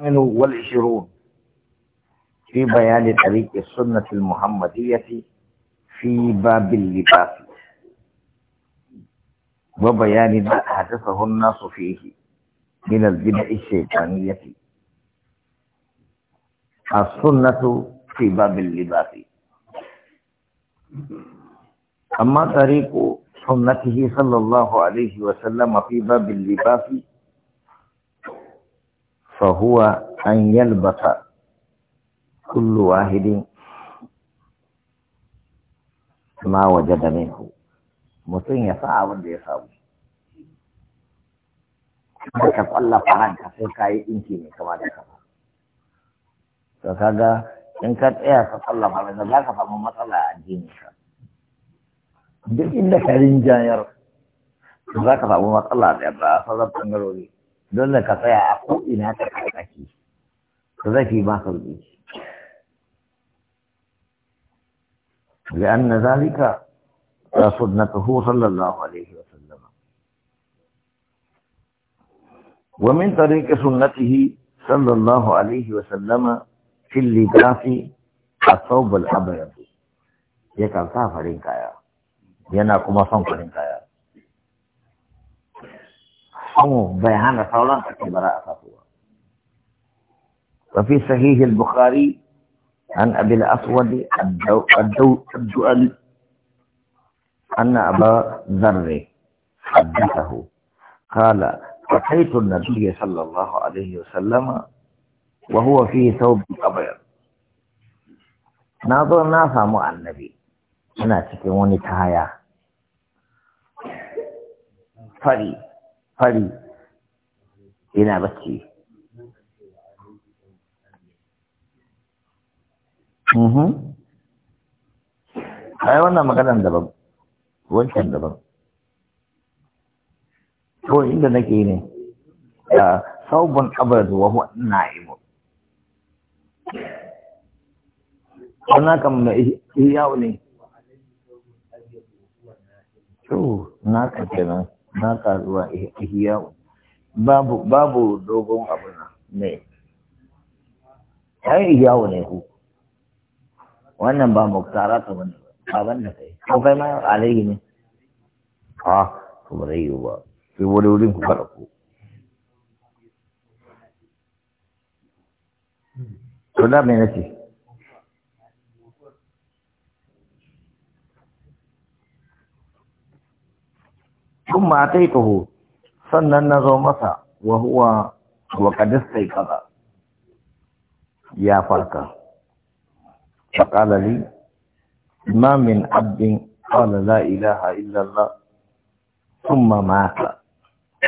الثامن والعشرون في بيان طريق السنة المحمدية في باب اللباس وبيان ما حدثه الناس فيه من البدع الشيطانية السنة في باب اللباس أما طريق سنته صلى الله عليه وسلم في باب اللباس fahuwa an yalbasa kullu wahidin ma waje da minhu mutum ya sa abin da ya samu kuma ka kwalla faranka sai ka yi ɗinki mai kama da kama to kaga in ka tsaya ka kwalla faranka za ka samu matsala a ka. duk inda ka rinjayar za ka samu matsala da yadda a sauran ɓangarori dole ka tsaya a ko'ina ta kake to zafi ma sauƙi لأن ذلك سنته صلى الله عليه وسلم ومن طريق سنته صلى الله عليه وسلم في اللباس الثوب الأبيض يكالتا فرين كايا ينا كما صن فرين كايا أو بيان صولان حتى براءة فطوة وفي صحيح البخاري عن أبي الأسود الدو الدو الدؤل أن أبا ذر حدثه قال أتيت النبي صلى الله عليه وسلم وهو في ثوب أبيض ناظر نافع مع النبي أنا تكوني تهايا فريد fari yana bacci mhm. ai wannan maganan daban wancan daban to inda nake ne ya saubun abad wa huwa na'imu wannan kam na iya ne to na ka kenan N'a ka zuwa eh, babu babu dogon abu na ne ai ihya ne ku wannan ba muktara ta bane ba banda kai ko kai ma alai ne a to bare yi ba sai wani wurin ku fara ku to da me nace ثم اتيته سنن نظمته وهو وقد استيقظ يا فرقا فقال لي ما من عبد قال لا اله الا الله ثم مات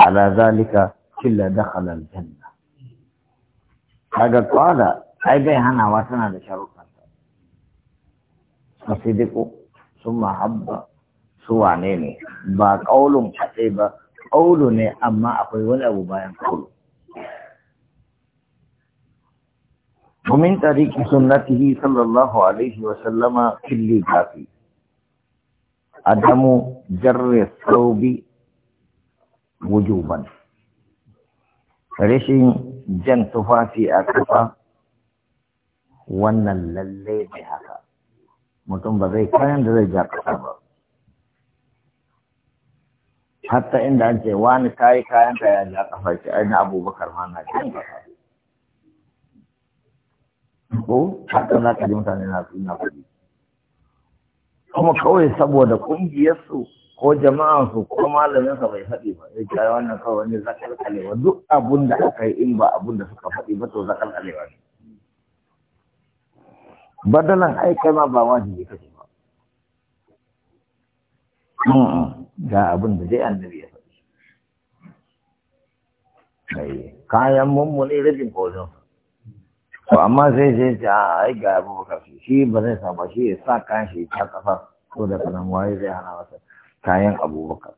على ذلك الا دخل الجنه هذا قال اي به انا واسنا لشروطا فصدقوا ثم حبه su wane ne ba ƙaulun kaɗai ba ƙaulu ne amma akwai wani abu bayan ƙaulu. Gumin tariki sunnatihi sallallahu alaihi wa sallama filli gafi. Adamu jarre saubi wujuban. Rashin jan tufafi a kafa wannan lalle ne haka. Mutum ba zai kayan da zai ja ƙasa ba. hatta inda an ce wani kayi kayan ka yaji a kafa ce ainihin abubakar ma na jan kafa ko hatta na ka ji mutane na ina kudi kuma kawai saboda ƙungiyarsu ko jama'ansu ko sa bai faɗi ba ya kyara wannan kawai wani zakalkalewa duk abun da aka yi in ba abun da suka faɗi ba to zakalkalewa ne badalan aikama kai ma ba wajibi kake ba ga abin da dai annabi ya faɗi kayan mummuni rajin kodin to amma sai sai ce a ai ga ba kafi shi ba zai sa ba shi ya sa kayan shi ta kafa ko da kanan waye zai hana masa kayan abubakar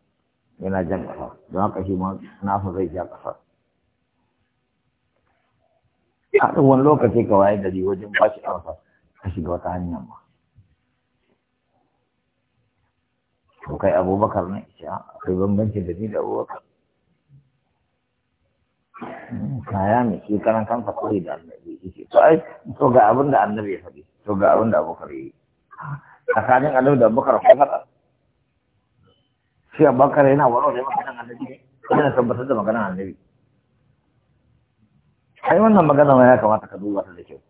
yana jan kafa don haka shi ma nafa zai ja kafa a wani lokaci ka waye gari wajen bashi amsa ka shiga wata hanyar ma to kai abubakar ne ce akwai bambanci da ni da abubakar hmm, kaya mai shi karan kansa kawai da annabi yake to ai to ga abin da annabi ya faɗi to ga abin da abubakar ya yi tsakanin annabi da abubakar ko faɗa shi abubakar yana warware maganar annabi ne yana tabbatar da maganar annabi ai wannan magana ma ya kamata ka duba ta da kyau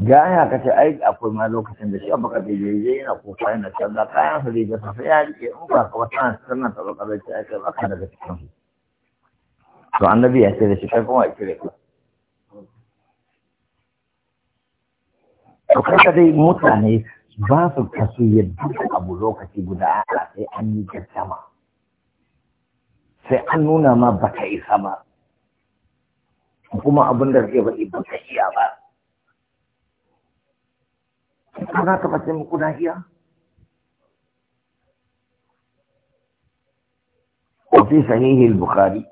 gaya ka ce aiki akwai ma lokacin da shi abaka da yayi yana kuka yana canza kayan su riga ta sai ya rike in ba ka wata sannan ta baka zai ai kai baka daga cikin su to annabi ya ce da shi kai kuma ya kire ka kai ka dai mutane ba su kasu yadda abu lokaci guda a sai an yi gaddama sai an nuna ma baka isa ba kuma abin da zai baɗi baka iya ba ba za ka bace وفي صحيح البخاري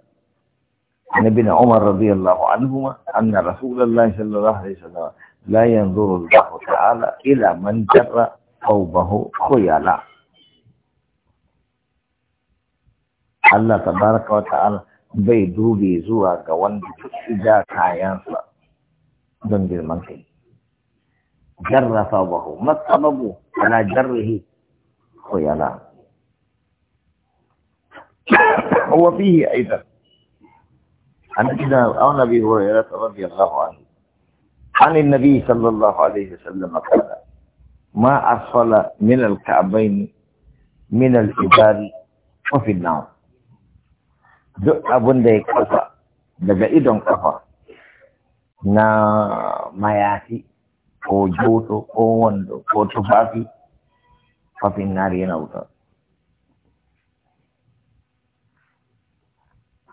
عن ابن عمر رضي الله عنهما أن رسول الله صلى الله عليه وسلم لا ينظر الله تعالى إلى من جر ثوبه خيالا الله تبارك وتعالى bai dubi zuwa ga wanda ya ja kayansa جر ثوبه ما السبب على جره خيلاء هو فيه أيضا عن أجل هريرة رضي الله عنه عن النبي صلى الله عليه وسلم قال ما اصل من الكعبين من الإبار وفي النار duk abin da ya kafa daga idon kafa na mayafi ko joto ko wando ko tufafi nari yana wuta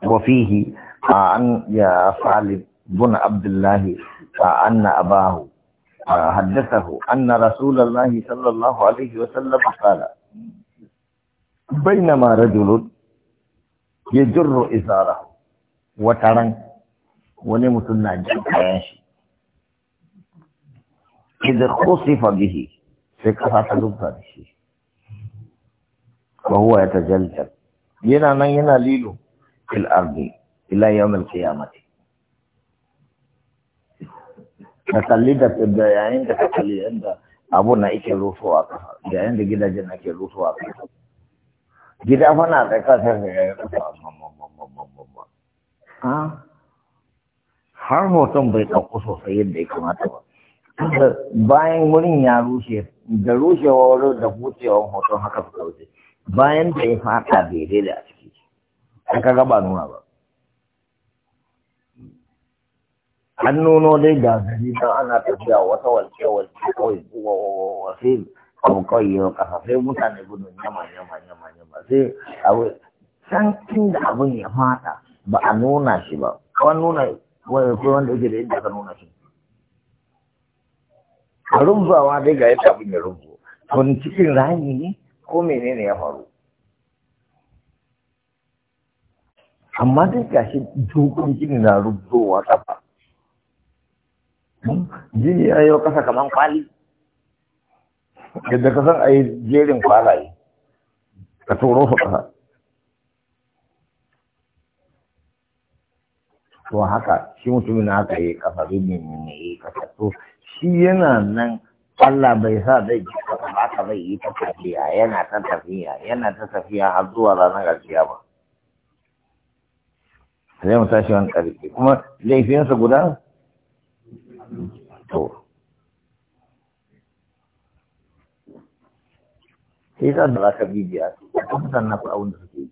وفيه عن يا صالح بن عبد الله عن أباه حدثه أن رسول الله صلى الله عليه وسلم قال بينما رجل يجر إزاره وترن ونمت النجم إذا خصف به في كفات لبها بشي وهو يتجلجل ينا نينا ليلو في الأرض إلى يوم القيامة تتلد في الدعين تتلد عند أبو نائك الروسو أكفا دعين جدا جنك الروسو أكفا جدا فنا تكاثر في غير الله ها هو تم بيت القصص سيد ديكو ما تبقى bayan wurin ya rushe da rushewa wurin da hutewa hoton haka suka wuce bayan da ya fata daidai da a ciki an ka ba nuna ba an nuno dai ga gari don ana tafiya wata walce walce kawai wasu abu kawai yau kasa sai mutane gudun yama yama yama yama sai abu san cin da abin ya fata ba a nuna shi ba kawai nuna wanda yake da yadda ka nuna shi rumbawa dai ga yadda abin ya rumbu tun cikin rani ne ko menene ya faru amma dai gashi dogon jini na rubutowa kafa jini hmm? ya yau kasa kaman kwali yadda ka san a jerin kwalaye ka turo su to haka shi mutumin haka ya kafa rubin ne ya kafa to shi yana nan Allah bai sa zai ji kafa ba ka bai yi ta tafiya yana ta tafiya yana ta tafiya har zuwa ranar gaskiya ba sai mu tashi wani ƙarfi kuma laifinsa guda to sai za da za ka bibiya su a kusan na abin da suke yi